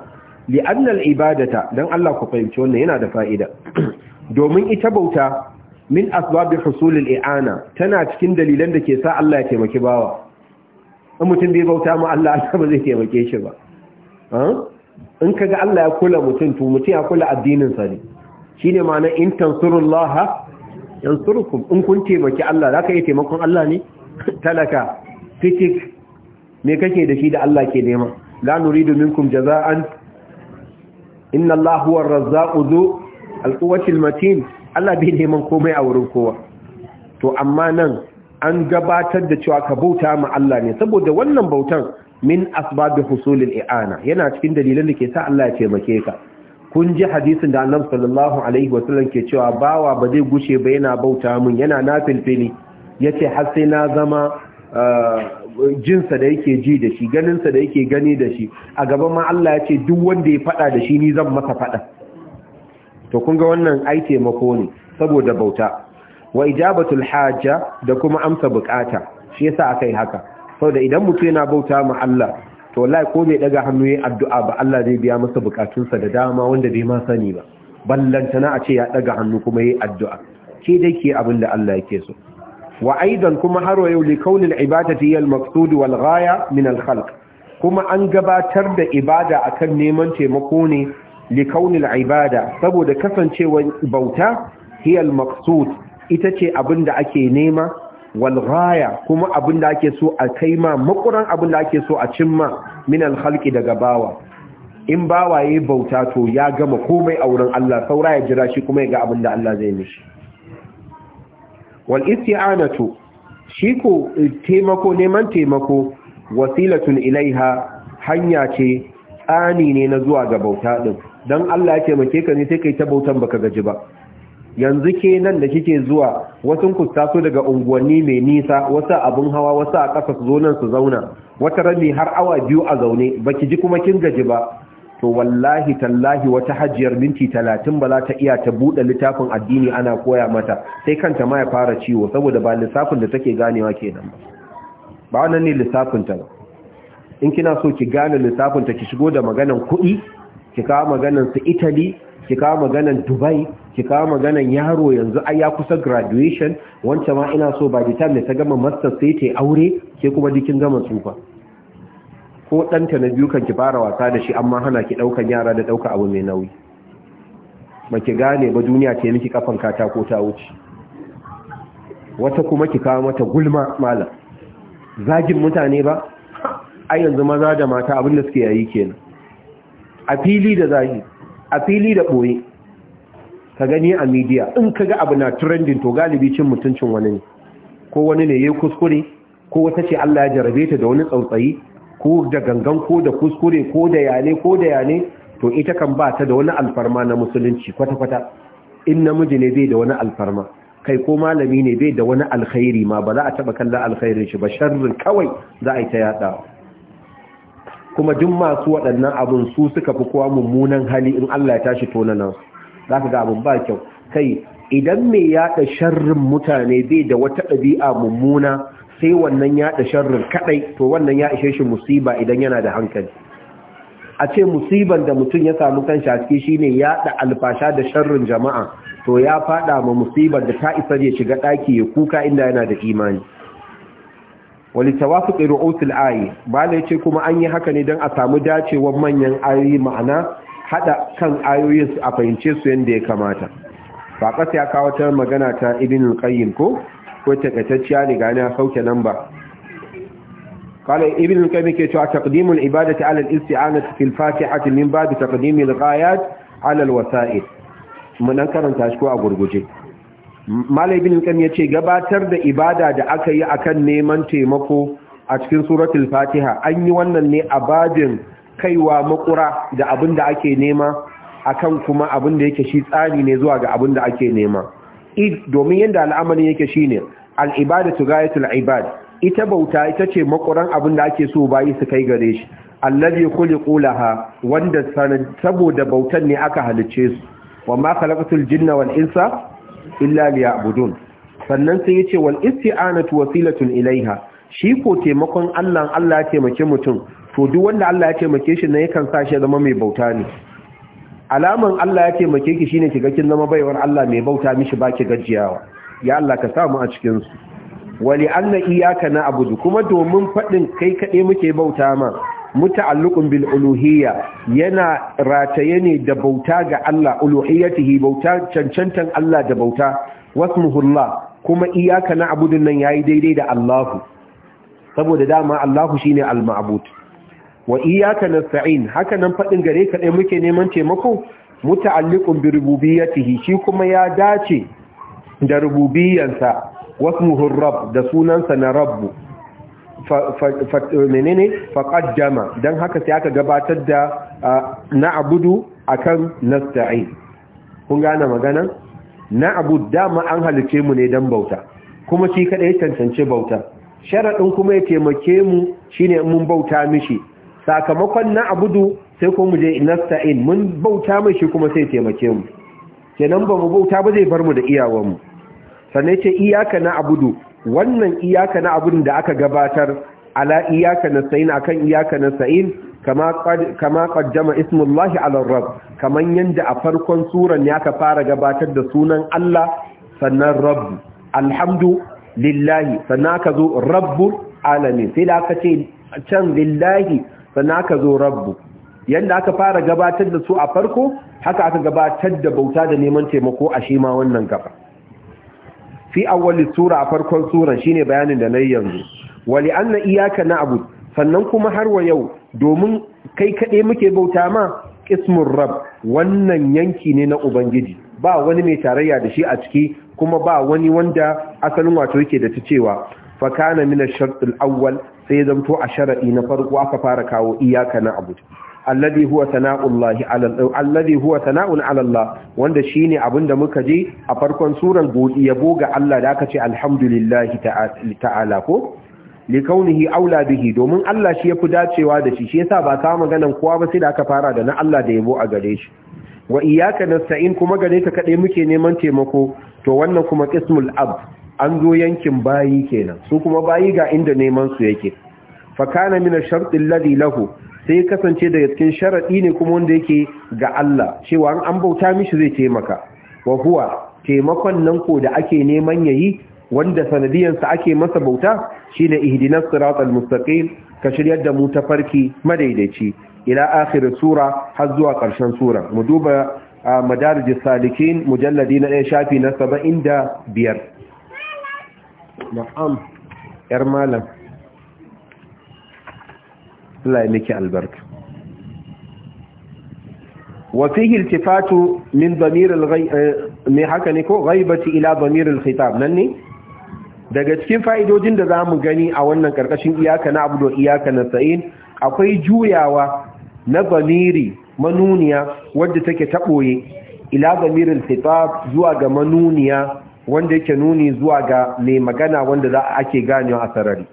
annal ibadata dan Allah ku fahimci wannan yana da fa'ida domin ita bauta min asbabi al i'ana tana cikin dalilan da ke sa Allah ya taimaki bawa in mutum bai bauta ma Allah Allah ba zai taimake shi ba in kaga Allah ya kula mutum to mutum ya kula addinin sa ne shine ma'ana in tansurullaha yansurukum in kun taimaki Allah zaka yi taimakon Allah ne talaka fitik me kake da shi da Allah ke nema la nuridu minkum jaza'an inna Allahu huwa ar-razzaqu dhu al-quwwati matin Allah bai neman komai a wurin kowa to amma nan an gabatar da cewa ka bauta ma Allah ne saboda wannan bautan min asbabi husulil i'ana yana cikin dalilan da ke sa Allah ya taimake ka kun ji hadisin da Annabi sallallahu alaihi wasallam ke cewa bawa ba zai gushe ba yana bauta mun yana nafilfili yace har sai na zama uh, jinsa da yake ji da shi ganinsa da yake gani da shi a gaban ma Allah ya ce duk wanda ya fada da shi ni zan masa fada to kun ga wannan ai taimako ne saboda bauta wa ijabatul haja da kuma amsa bukata shi yasa akai haka saboda idan mutum yana bauta ma Allah to wallahi ko bai daga hannu yayin addu'a ba Allah zai biya masa bukatunsa da dama wanda bai ma sani ba ballantana a ce ya daga hannu kuma yayin addu'a ke dai ke abin da Allah yake so Wa'idan kuma har wa yau likaunin ibadati yal maqsud wal ghaya min al khalq kuma an gabatar da ibada akan neman taimako ne likaunin ibada saboda kasancewar bauta hiya al ita ce abinda ake nema wal kuma abinda ake so a kaima makuran abinda ake so a cimma min al khalqi daga bawa in yayi bauta to ya gama komai a wurin Allah saura ya jira shi kuma ya ga abinda Allah zai mishi wal isti'anatu shi ko eh, taimako neman taimako wasilatun ilaiha hanya ce tsani ne na zuwa ga bauta din dan Allah ya mace ka ne sai kai ta bautan baka gaji ba yanzu ke nan da kike zuwa wasu ku taso daga unguwanni mai nisa wasu abun hawa wasu a ƙasa zo nan su zauna wata rami har awa biyu a zaune baki ji kuma kin gaji ba to wallahi tallahi wata hajiyar minti talatin ba za ta iya ta buɗe littafin addini ana koya mata sai kanta ma ya fara ciwo saboda ba lissafin da take ganewa kenan ba ba wannan ne lissafin ba in kina so ki gane lissafin ki shigo da maganan kuɗi ki kawo maganan su Italy ki kawo maganan Dubai ki kawo maganan yaro yanzu ai ya kusa graduation wancan ma ina so ba da ta gama master sai ta aure ke kuma dikin gama tsufa ko ɗanta na biyu kan ki fara wasa da shi amma hana ki ɗaukan yara da ɗauka abu mai nauyi ba ki gane ba duniya ce miki kafan katako ta wuce wata kuma ki kawo mata gulma malam zagin mutane ba a yanzu maza da mata abin da suke yayi kenan a fili da zagi a fili da ɓoye ka gani a midiya in ka ga abu na trending to galibi cin mutuncin wani ne ko wani ne ya kuskure ko wata ce Allah ya jarabe ta da wani tsautsayi ko da gangan ko da kuskure ko da yane ko da yane to ita kan ba ta da wani alfarma na musulunci kwata-kwata in namiji ne bai da wani alfarma kai ko malami ne bai da wani alkhairi ma ba za a taba kallon alkhairin shi ba sharrin kawai za a yi ta yadawa kuma duk masu waɗannan abun su suka fi kowa mummunan hali in Allah ya tashi tona nan za ka ga abin ba kyau kai idan mai yaɗa sharrin mutane bai da wata ɗabi'a mummuna sai wannan yaɗa sharrin kaɗai to wannan ya ishe shi musiba idan yana da hankali a ce musiban da mutum ya samu kan shafi shine yaɗa alfasha da sharrin jama'a to ya faɗa ma musibar da ta isa ya shiga ɗaki ya kuka inda yana da imani wali tawafuqi ru'usul ayi bala yace kuma an yi haka ne don a samu dacewar manyan ayoyi ma'ana hada kan ayoyin su a fahimce su yanda ya kamata ba ya kawo ta magana ta ibnul qayyim ko ko takatacciya ga na sauke lamba قال ابن القيم كيتوا تقديم العبادة على الاستعانة في الفاتحة من باب تقديم الغايات على الوسائل من a gurguje. أغرغجي مال ابن ya ce gabatar da ibada da aka yi akan neman taimako a cikin suratul fatiha an yi wannan ne a babin kaiwa makura da abin da ake nema akan kuma abin da yake shi tsari ne zuwa ga abin da ake nema domin yadda al'amalin yake shine al'ibadatu ghayatul ibad ita bauta ita ce makuran abin da ake so bayi su kai gare shi kuli kula ha wanda saboda bautan ne aka halice su wa ma khalaqatul jinna wal insa illa abudun sannan sai ce wal isti'anatu wasilatun ilaiha shi ko taimakon Allah Allah ya taimake mutum to duk wanda Allah ya taimake shi na yakan sa shi zama mai bauta ne alaman Allah ya taimake ki shine shiga kin zama baiwar Allah mai bauta mishi baki gajiyawa ya Allah ka samu a cikin su wali anna iyyaka na'budu kuma domin fadin kai kade muke bauta ma muta'alliqun bil uluhiyya yana rataye ne da bauta ga Allah uluhiyyatihi bauta cancantan Allah da bauta wasmuhu Allah kuma iyyaka na'budu nan yayi daidai da Allahu saboda dama Allahu shine al-ma'bud wa iyyaka nasta'in haka nan faɗin gare ka dai muke neman taimako muta'alliqun bi rububiyyatihi shi kuma ya dace da rububiyyansa wasmuhu rabb da sunansa na rabbu menene jama? dan haka sai aka gabatar da na'budu akan nasta'in kun gane magana na'bud dama an halice mu ne dan bauta kuma shi kada ya tantance bauta sharadin kuma ya taimake mu shine mun bauta mishi sakamakon na abudu sai ko mu je nasta'in mun bauta mai shi kuma sai taimake mu kenan ba mu bauta ba zai bar mu da iyawan mu sannan ce iyaka na abudu wannan iyaka na da aka gabatar ala iyaka nasta'in akan iyaka nasta'in kama kama qaddama ismullahi ala rabb kaman yanda a farkon suran ya ka fara gabatar da sunan Allah sannan rabb alhamdu lillahi sannan aka zo rabbul alamin sai da aka ce can lillahi sannan aka zo rabbu yadda aka fara gabatar da su a farko haka aka gabatar da bauta da neman taimako a shi ma wannan gaba fi awwali sura a farkon suran shine bayanin da nayi yanzu wali iyaka na abu? sannan kuma har wa yau domin kai kade muke bauta ma ismur rabb wannan yanki ne na ubangiji ba wani mai tarayya da shi a ciki kuma ba wani wanda asalin wato yake da ta cewa fa kana min ash awwal sai ya zamto a sharaɗi na farko aka fara kawo iyaka na abu alladhi huwa sana'ullahi alladhi huwa sana'un ala Allah wanda shine abinda muka je a farkon surar yabo ga Allah da aka ce alhamdulillahi ta'ala ko li kaunihi aula bihi domin Allah shi yafi dacewa da shi shi yasa ba ka maganan kowa ba sai da aka fara da na Allah da yabo a gare shi wa iyyaka nasta'in kuma gare ka kade muke neman taimako to wannan kuma qismul ab an zo yankin bayi kenan su kuma bayi ga inda neman su yake fa kana min ash-shart alladhi lahu sai kasance da cikin sharadi ne kuma wanda yake ga Allah cewa an bauta mishi zai taimaka wa huwa taimakon nan ko da ake neman yayi wanda sanadiyan sa ake masa bauta shine ihdinas siratal mustaqim ka shiryar da mu tafarki madaidaici ila akhir sura har zuwa karshen sura mu duba ah, madarijus salikin mujalladi na ɗaya shafi na 75 na'am yar malam Allah ya miki albarka wa fihi iltifatu min damir eh, haka ne ko ghaibati ila damir nan ne daga cikin fa'idojin da za mu gani a wannan ƙarƙashin iyaka na abudu iyaka na sa'in akwai juyawa na damiri manuniya wadda take taboye ila damir al zuwa ga manuniya wanda yake nuni zuwa ga mai magana wanda za a ake ganewa a sarari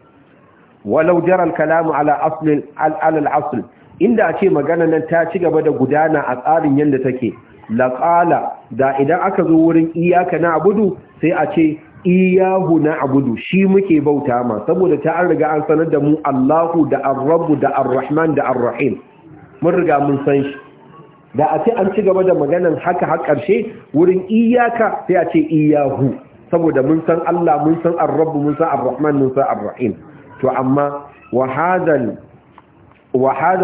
walau Jarar kalamu ala asl inda a magana nan ta ci gaba da gudana a tsarin yadda take laƙala da idan aka zo wurin iyaka na abudu sai a ce iyahu na abudu shi muke bauta ma saboda ta an riga an sanar da mu Allahu da ar da arrahman da arrahim mun riga mun san shi da a ce an ci gaba da maganan haka har ƙarshe wurin iyaka sai a ce iyahu saboda mun san Allah mun san ar rabbu mun san ar-rahman mun san ar-rahim to amma wa hadal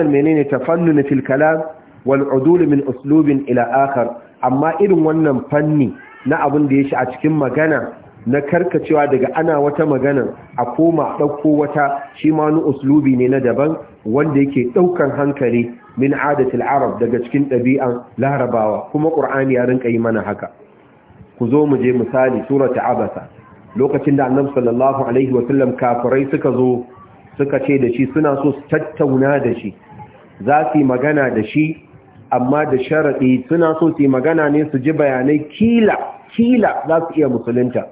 menene tafannun fil kalam wal udul min uslubin ila akhar amma irin wannan fanni na abin da ya shi a cikin magana na karkacewa daga ana wata magana a koma ɗauko wata shi ma wani uslubi ne na daban wanda yake ɗaukan hankali min adatul arab daga cikin ɗabi'an larabawa kuma ƙur'ani ya rinka yi mana haka ku zo mu je misali surata abasa lokacin da annabi sallallahu alaihi wa sallam kafirai suka zo suka ce da shi suna so su tattauna da shi za su yi magana da shi amma da sharaɗi suna so su yi magana ne su ji bayanai kila kila za su iya musulunta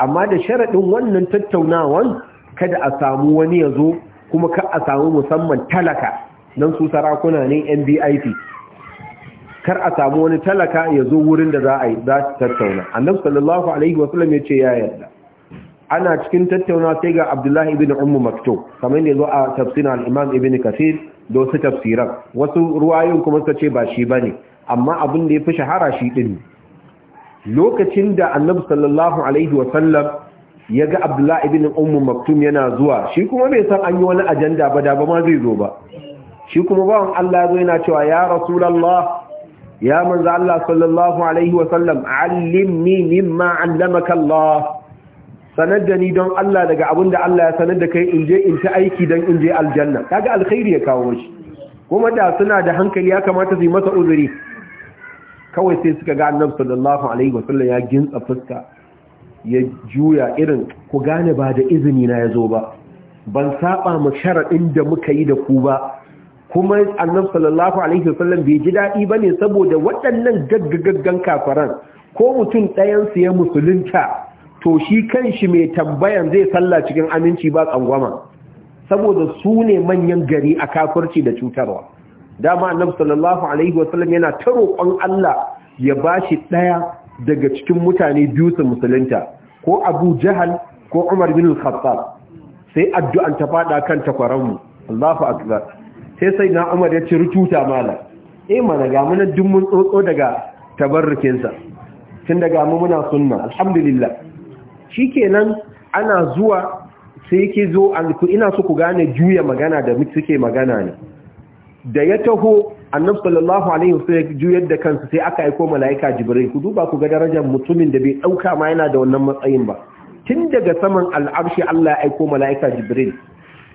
amma da sharaɗin wannan tattaunawan kada a samu wani ya zo kuma ka a samu musamman talaka nan su sarakuna ne NBIP kar a samu wani talaka ya zo wurin da za a yi za su tattauna annab sallallahu alaihi wasallam ya ce ya yarda ana cikin tattauna sai ga abdullahi ibn ummu maktum kamar da zo a tafsirin al-imam ibn kathir da wasu tafsiran wasu ruwayoyin kuma suka ce ba shi bane amma abin da ya fi shahara shi din lokacin da annabi sallallahu alaihi wasallam ya ga abdullahi ibn ummu maktum yana zuwa shi kuma bai san an yi wani ajanda ba da ba ma zai zo ba shi kuma bawan Allah zai yana cewa ya rasulullah ya manzo Allah sallallahu alaihi wasallam allimni mimma allamaka Allah sanar da ni don Allah daga abin da Allah ya sanar da kai in je in ta aiki don in je aljanna kaga alkhairi ya kawo shi kuma da suna da hankali ya kamata su yi masa uzuri kawai sai suka ga annabi sallallahu alaihi wasallam ya gintsa fuska ya juya irin ku gane ba da izini na yazo ba ban saba mu sharadin da muka yi da ku ba kuma annabi sallallahu alaihi wasallam bai ji dadi bane saboda waɗannan gaggagaggan kafaran ko mutum ɗayan su ya musulunta to shi kanshi mai tambayan zai salla cikin aminci ba tsangwama saboda su ne manyan gari a kafirci da cutarwa dama annabi sallallahu alaihi wasallam yana ta roƙon Allah ya bashi ɗaya daga cikin mutane biyu su musulunta ko Abu Jahal ko Umar bin Al-Khattab sai addu'an ta fada kan takwaranmu Allahu akbar sai sai na Umar ya ce rututa mala eh mana ga mun dun mun tsotso daga tabarrukin sa tun daga mu muna sunna alhamdulillah shikenan ana zuwa sai yake zo ku ina so ku gane juya magana da muke magana ne da ya taho annab sallallahu alaihi wasallam juyar da kansa sai aka aiko mala'ika jibril ku duba ku ga darajar mutumin da bai dauka ma yana da wannan matsayin ba tun daga saman al'arshi Allah ya aiko mala'ika jibril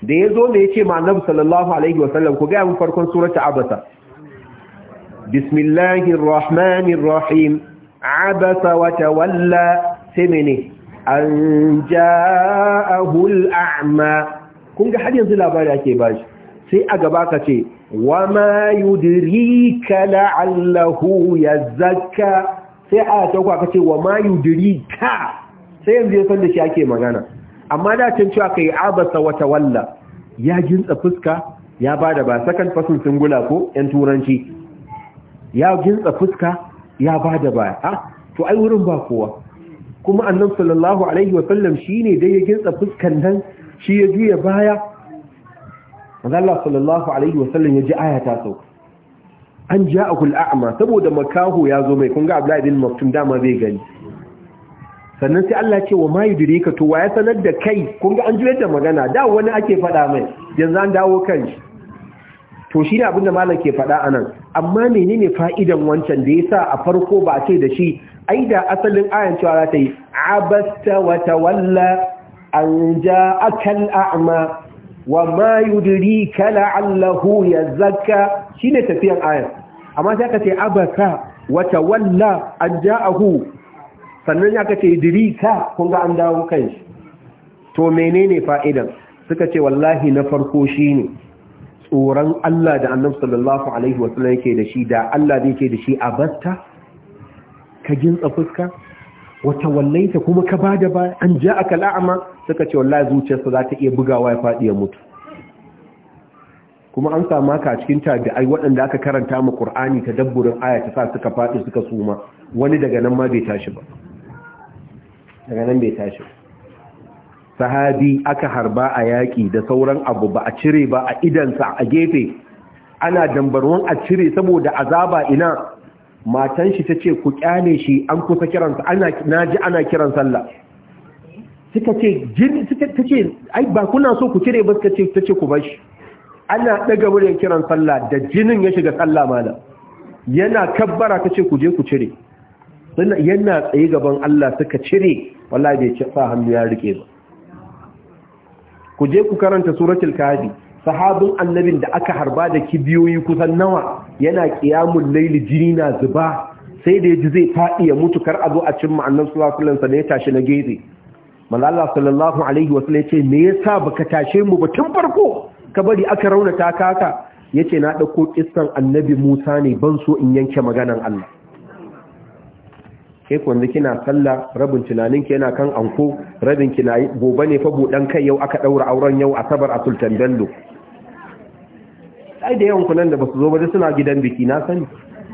da yazo zo ne yace ma annab sallallahu alaihi wasallam ku ga mun farkon surata abasa bismillahir rahmanir rahim abasa wa tawalla semene an ja'ahu al'ama kun ga har yanzu labari ake bashi sai a gaba ka ce wama yudrika la'allahu yazakka sai a ta ku aka ce ma yudrika sai yanzu ya san da shi ake magana amma da can cewa kai abasa wata walla ya jinsa fuska ya bada ba second person singular ko yan turanci ya jinsa fuska ya bada ba ah to ai wurin ba kowa kuma annabi sallallahu alaihi wa sallam shine dai ya jinsa fuskan nan shi ya juya baya Allah sallallahu alaihi wasallam ya ji aya ta sauka an kula a'ama saboda makaho ya zo mai kun ga Abdullahi bin Maktum dama zai gani sannan sai Allah ce wa mayu dirika to wa ya sanar da kai kun ga an juyar da magana da wani ake faɗa mai yanzu an dawo kan shi to shi ne abinda malam ke faɗa a nan amma menene fa'idan wancan da ya sa a farko ba a ce da shi ai da asalin ayan za ta yi abasta wata walla an ja akal a'ma wa ma yudrika la'allahu yazakka shine tafiyan ayar amma sai aka ce abaka wata walla an ja'ahu sannan ya diri ka. kun ga an dawo kai to menene fa'idan suka ce wallahi na farko shine tsoron Allah da Annabi sallallahu alaihi wasallam yake da shi da Allah da yake da shi abata ka gintsa fuska wata wallaita kuma ka bada baya an ja aka la'ama suka ce wallahi zuciyarsa za ta iya bugawa ya faɗi ya mutu kuma an sama haka a cikin ai waɗanda aka karanta mu Qur'ani ta dabburin aya ta sa suka faɗi suka suma wani daga nan ma bai tashi ba daga nan bai tashi sahabi aka harba a yaƙi da sauran abu ba a cire ba a idansa a gefe ana dambarwan a cire saboda azaba ina matan shi ta ce ku kyale shi an kusa kiransa ana naji ana kiran sallah suka ce jin suka tace ai ba kuna so ku kire ba suka ce tace ku shi. ana daga wurin kiran sallah da jinin ya shiga sallah mala yana kabbara tace ku je ku cire sannan yana tsaye gaban Allah suka cire wallahi bai ci sa hannu ya rike ba ku je ku karanta suratul kahfi sahabin annabin da aka harba da kibiyoyi kusan nawa yana kiyamun laili jini na zuba sai da yaji zai faɗi ya mutu kar a zo a cimma annabi sallallahu alaihi wasallam ya tashi na gefe manzo Allah sallallahu alaihi wasallam ya ce me yasa baka tashe mu ba tun farko ka bari aka raunata kaka yace na dauko kissan annabi Musa ne ban so in yanke maganan Allah kai kwanzu kina sallah rabin tunaninki yana kan anko rabin kina gobe ne fa budan kai yau aka daura auren yau asabar a Sultan Bello ai da yawan kunan da basu zo ba suna gidan biki na sani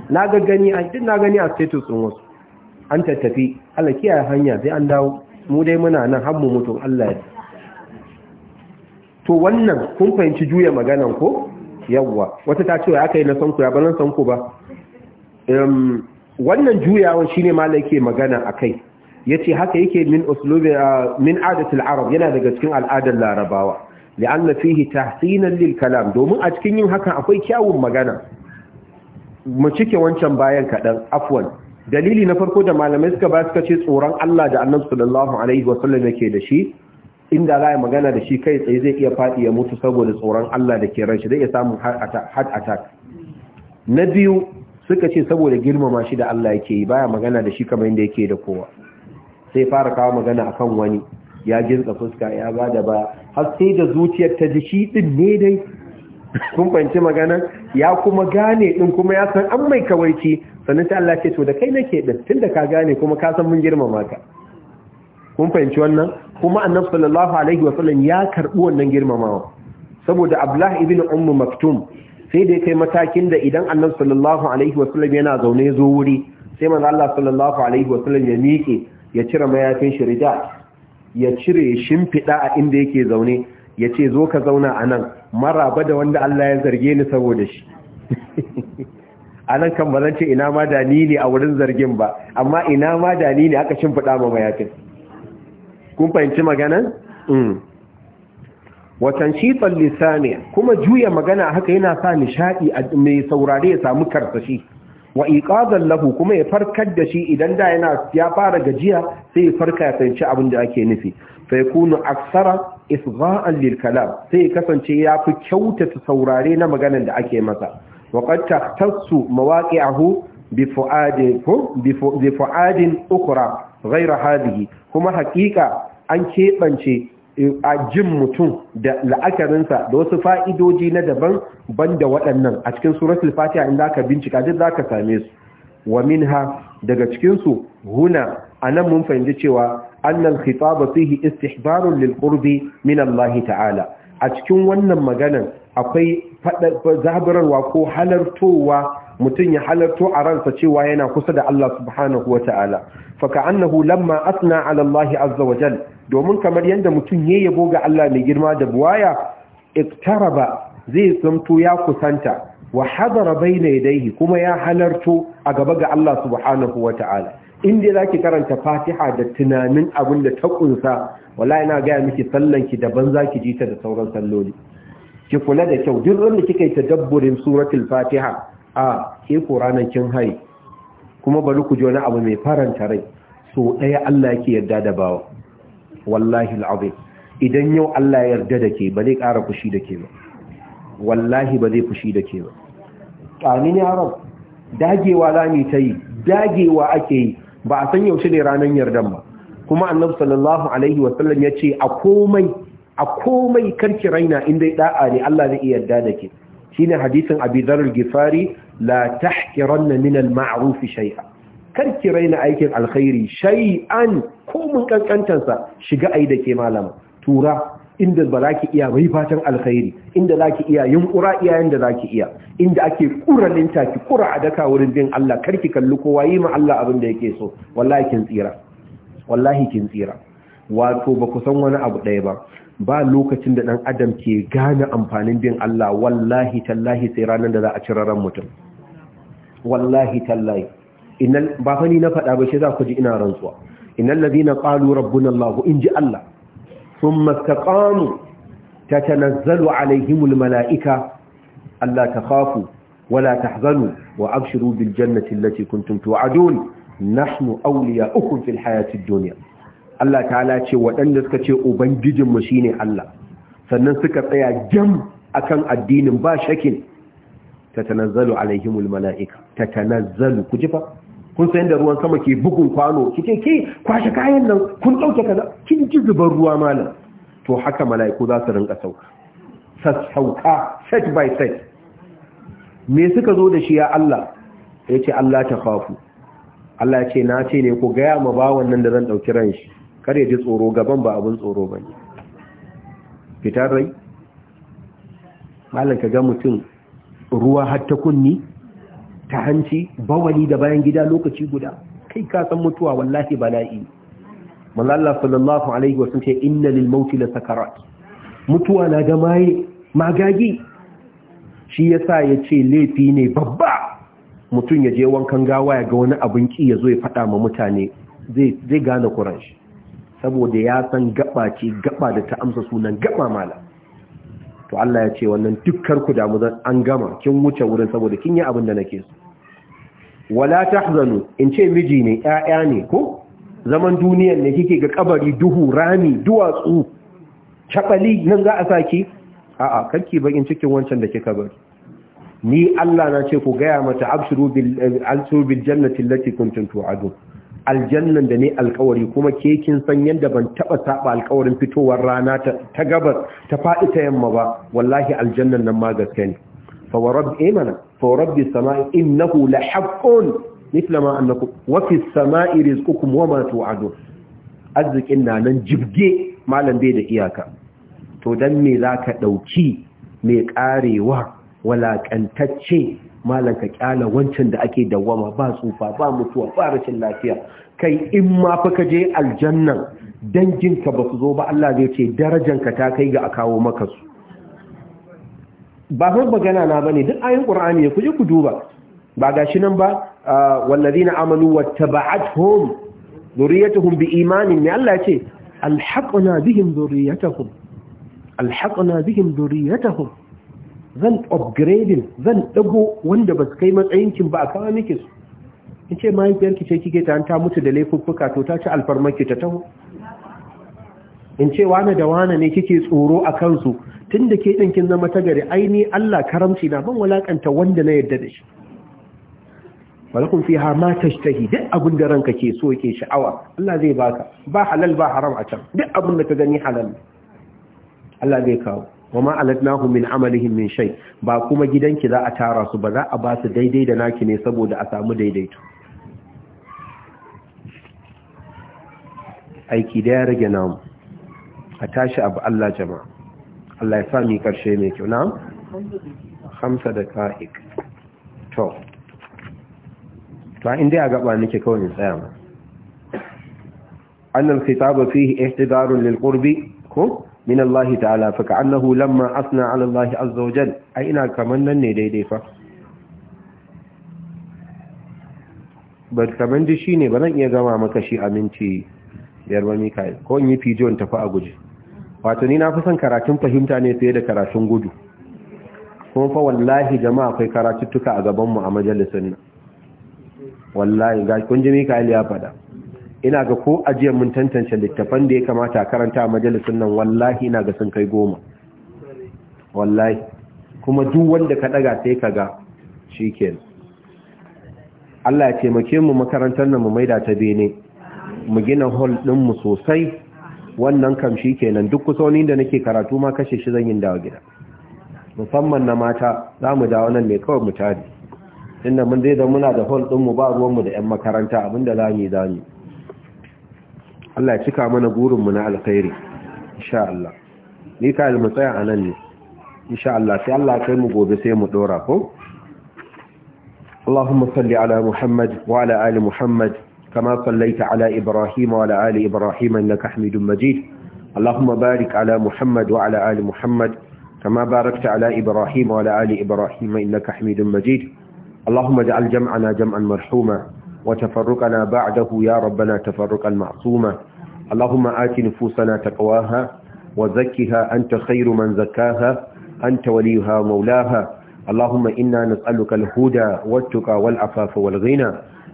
na ga gani a duk na gani a status din wasu an tattafi Allah kiyaye hanya sai an dawo mu dai muna nan har mu mutu Allah ya to wannan kun fahimci juya maganan ko yawwa wata ta ce ya aka yi na sanku ya ba nan sanku ba wannan juyawan shine ma yake magana akai yace haka yake min uslubi min adatul arab yana daga cikin al'adar larabawa li'anna fihi tahsinan lil kalam domin a cikin yin hakan akwai kyawun magana mu cike wancan bayan kadan afwan dalili na farko da malamai suka ba suka ce tsoron Allah da Annabi sallallahu alaihi wasallam yake da shi inda za a magana da shi kai tsaye zai iya faɗi ya mutu saboda tsoron Allah da ke ranshi zai iya samun heart attack na biyu suka ce saboda girmama shi da Allah yake yi baya magana da shi kamar yadda yake da kowa sai fara kawo magana akan wani ya girka fuska ya ba da ba har sai da zuciyar ta jishi shi din ne dai kun fahimci magana ya kuma gane din kuma ya san an mai kawaici sannan ta Allah ce to da kai nake din da ka gane kuma ka san mun girmama ka kun fahimci wannan kuma annabi sallallahu alaihi wa sallam ya karbi wannan girmamawa saboda Abdullah ibn Umm Maktum sai da kai matakin da idan annabi sallallahu alaihi wa sallam yana zaune zo wuri sai manzo Allah sallallahu alaihi wa sallam ya miƙe ya cire mayafin shirida ya cire shimfiɗa a inda yake zaune ya ce zo ka zauna a nan maraba da wanda Allah ya zarge ni saboda shi a nan kan ba ce ina ma da ne a wurin zargin ba amma ina ma da ni ne aka shimfiɗa ma mayafin kun fahimci magana? Mm. watan shifan lissani kuma juya magana haka yana sa nishaɗi mai saurare ya samu karsashi wa iqadan lahu kuma ya farkar da shi idan da yana ya fara gajiya sai ya farka ya fahimci abin da ake nufi fa yakunu aksara isgha'an lil kalam sai ya kasance ya fi kyautata saurare na maganar da ake masa wa qad tahtassu mawaqi'ahu bi fu'adin bi fu'adin ukhra ghayra hadhihi kuma haƙiƙa an kebance a jin mutum da la'akarinsa da wasu fa'idoji na daban da waɗannan a cikin suratul fatiha in zaka bincika duk ka same su wa min ha, daga cikinsu? Huna. A nan mun fahimci cewa annal su fihi istihbarun lilkurbi min Allah ta'ala a cikin wannan maganan akwai zaburarwa ko halartowa mutum ya halarto a ransa cewa yana kusa da Allah subhanahu wa ta'ala faka annahu lamma asna ala Allah azza wa jal domin kamar yadda mutum ya yabo ga Allah mai girma da buwaya iktaraba zai zamto ya kusanta wa hadara baina yadayhi kuma ya halarto a gaba ga Allah subhanahu wata'ala inda zaki karanta Fatiha da tunanin abin da ta kunsa wallahi gaya ga miki sallan ki daban zaki ji ta da sauran salloli ki kula da kyau duk ran da kika yi tadabburin suratul Fatiha a ke ko ranan kin hari kuma bari ku ji wani abu mai faranta rai so ɗaya Allah yake yarda da bawa wallahi al'azim idan yau Allah ya yarda da ke ba zai ƙara fushi da ke ba wallahi ba zai fushi da ke ba ƙanin yaron dagewa lami ta yi dagewa ake yi ba a san yaushe ne ranar yardan ba kuma annabi sallallahu alaihi wasallam ya ce a komai a komai karki raina in ya da'a ne Allah zai iya yarda da ke shine hadisin abi dharr gifari la tahqiranna min al ma'ruf shay'a kar ki raina aikin alkhairi shay'an komun kankantansa shiga ai da ke malama tura inda ba za ki iya mai fatan alkhairi inda za ki iya yunkura iyayen da za ki iya inda ake kuralinta ki kura a daka wurin bin Allah karki kalli kowa yi ma Allah abin da yake so wallahi kin tsira wallahi kin tsira wato ba ku san wani abu ɗaya ba ba lokacin da ɗan adam ke gane amfanin bin Allah wallahi tallahi sai ranar da za a cire mutum wallahi tallahi innal ba fa ni na faɗa ba shi za ku ji ina rantsuwa innal ladina qalu rabbuna allah in ji allah thumma istaqamu tatanazzalu alaihimul malaika alla takhafu ولا تحزنوا وأبشروا بالجنة التي كنتم توعدون نحن أولياؤكم في الحياة duniya. Allah ta'ala ce waɗanda suka ce ubangijin mu shine Allah sannan suka tsaya jam akan addinin ba shakin ta tanazzalu alaihimul mala'ika ta tanazzalu ku kun san da ruwan sama ke bugun kwano kike ke kwashe kayan nan kun dauke kaza kin ji zubar ruwa malam to haka mala'iku za su rinka sauka sassauka set by set me suka zo da shi ya Allah ya ce Allah ta khafu Allah ya ce na ce ne ku gaya ma bawan nan da zan dauki ran shi kar ya ji tsoro gaban ba abin tsoro bane fitar rai malam ka ga mutum ruwa har ta kunni ta hanci bawali da bayan gida lokaci guda kai ka san mutuwa wallahi bala'i manzo Allah sallallahu alaihi wa wasallam ce inna lil mauti la sakarat mutuwa na da maye magagi shi yasa ce laifi ne babba mutum ya je wankan gawa ya ga wani abin ki ya zo ya fada ma mutane zai zai gane Qur'an shi saboda ya san gaba ce gaba da ta amsa sunan gaba mala to Allah ya ce wannan dukkar ku damu an gama kin wuce wurin saboda kin yi abin da nake so wala ta tahzanu in ce miji ne ƴaƴa ne ko zaman duniyar ne kike ga kabari duhu rami duwatsu chabali nan za a saki a'a kanki bakin cikin wancan da kika bari ni Allah na ce ku gaya mata abshiru bil alsur bil jannati allati kuntum al aljannan da ne alkawari kuma ke kin san yadda ban taba saba alkawarin fitowar rana ta gabar ta faɗi ta yamma ba wallahi aljannan nan ma gaske ne fa wa rabb imana eh fa rabbi samai innahu la haqqun mithla ma annakum wa fi wa ma tu'adun arzikin na nan jibge malam bai da iyaka to don me za ka ɗauki mai ƙarewa walakantacce malam ka kyala wancan da ake dawwama ba tsufa ba mutuwa ba rashin lafiya kai in ma fa ka je aljannan danginka ba su zo ba Allah zai ce darajanka ta kai ga a kawo maka su ba fa magana na bane duk ayin qur'ani ku je ku duba ba gashi nan ba wallazina amanu wattaba'athum dhurriyyatuhum biimanin ne Allah yace alhaqna bihim dhurriyyatuhum alhaqna bihim dhurriyyatuhum zan upgrading zan dago wanda ba kai matsayinkin ba a kawo miki su in mahaifiyarki ce kike ta an ta mutu da laifuffuka to ta ci alfarmarki ta taho in ce wane da wane ne kike tsoro a kansu tun da ke ɗinkin zama ta gari aini Allah karamci na ban walakanta wanda na yadda da shi walakun fi hama ta shi duk abin da ranka ke so ke sha'awa Allah zai baka ba halal ba haram a can duk abin da ka gani halal Allah zai kawo wama alatnahu min amalihim min shay ba kuma gidanki za a tara su ba za a ba su daidai da naki ne saboda a samu daidaito aiki da ya rage namu a tashi abu Allah jama'a Allah ya sami karshe mai kyau na hamsa da ka'ik to ta inda ya gaba nake kawai tsaya ma annal khitaba fihi ihtidarun lil qurbi ko min Allah ta'ala fa ka'annahu lamma asna 'ala Allah azza wa jalla ai ina kaman nan ne daidai fa ba kaman shi ne ba zan iya gama maka shi aminci yarwa mika ko in yi fijon tafi a guje wato ni na fi son karatun fahimta ne fiye da karatun gudu kuma fa wallahi jama'a akwai karatuttuka a gabanmu a majalisar nan wallahi ga kun ji Mikael ya faɗa ina ga ko ajiyar mun tantance littafan da ya kamata a karanta a majalisun nan wallahi ina ga sun kai goma wallahi kuma duk wanda ka daga sai ka ga shikenan Allah ya taimake mu makarantar nan mu maida ta bene mu gina hall din mu sosai wannan kam shi kenan duk kusonin da nake karatu ma kashe shi zan yin dawo gida musamman na mata za mu dawo nan ne kawai mu tare inda mun zai da muna da hall ɗinmu ba ruwanmu da 'yan makaranta abinda za mu yi Allah ya cika mana burinmu na alkhairi insha Allah ni ka mu tsaya a ne insha Allah sai Allah kai mu gobe sai mu dora ko Allahumma salli ala Muhammad wa ala ali Muhammad كما صليت على إبراهيم وعلى آل إبراهيم إنك حميد مجيد اللهم بارك على محمد وعلى آل محمد كما باركت على إبراهيم وعلى آل إبراهيم إنك حميد مجيد اللهم اجعل جمعنا جمعا مرحوما وتفرقنا بعده يا ربنا تفرقا معصوما اللهم آت نفوسنا تقواها وزكها أنت خير من زكاها أنت وليها مولاها اللهم إنا نسألك الهدى والتقى والعفاف والغنى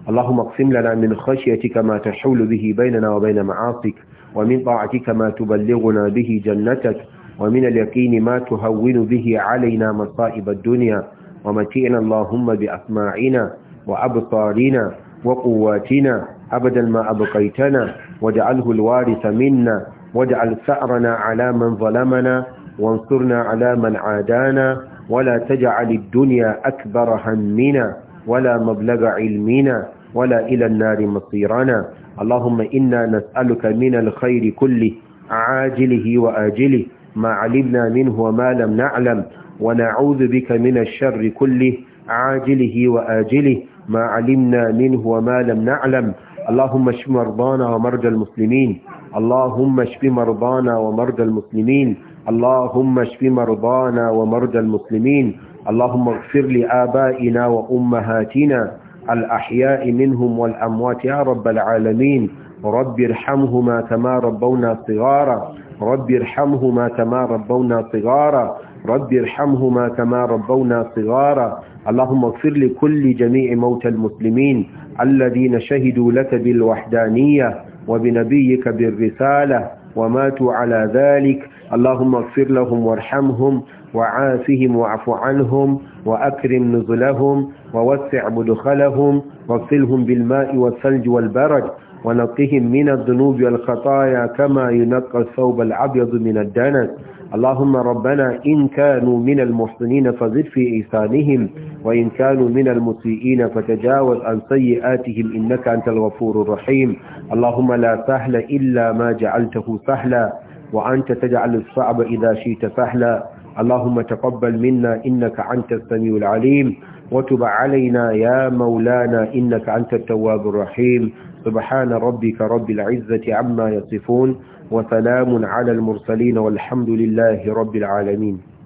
اللهم اقسم لنا من خشيتك ما تحول به بيننا وبين معاصيك ومن طاعتك ما تبلغنا به جنتك ومن اليقين ما تهون به علينا مصائب الدنيا ومتئنا اللهم بأسماعنا وأبصارنا وقواتنا أبدا ما أبقيتنا واجعله الوارث منا واجعل ثأرنا على من ظلمنا وانصرنا على من عادانا ولا تجعل الدنيا أكبر همنا ولا مبلغ علمنا ولا إلى النار مصيرنا اللهم إنا نسألك من الخير كله عاجله وآجله ما علمنا منه وما لم نعلم ونعوذ بك من الشر كله عاجله وآجله ما علمنا منه وما لم نعلم اللهم اشف مرضانا ومرضى المسلمين اللهم اشف مرضانا ومرضى المسلمين اللهم اشف مرضانا ومرضى المسلمين اللهم اغفر لآبائنا وأمهاتنا الأحياء منهم والأموات يا رب العالمين رب ارحمهما كما ربونا صغارا رب ارحمهما كما ربونا صغارا رب ارحمهما كما ربونا صغارا اللهم اغفر لكل جميع موتى المسلمين الذين شهدوا لك بالوحدانية وبنبيك بالرسالة وماتوا على ذلك اللهم اغفر لهم وارحمهم وعافهم واعف عنهم وأكرم نزلهم ووسع مدخلهم واغسلهم بالماء والثلج والبرد ونقهم من الذنوب والخطايا كما ينقى الثوب الأبيض من الدنس اللهم ربنا إن كانوا من المحسنين فزد في إيسانهم وإن كانوا من المسيئين فتجاوز عن سيئاتهم إنك أنت الغفور الرحيم اللهم لا سهل إلا ما جعلته سهلا وأنت تجعل الصعب إذا شئت سهلا اللهم تقبل منا إنك أنت السميع العليم وتب علينا يا مولانا إنك أنت التواب الرحيم سبحان ربك رب العزة عما يصفون وسلام على المرسلين والحمد لله رب العالمين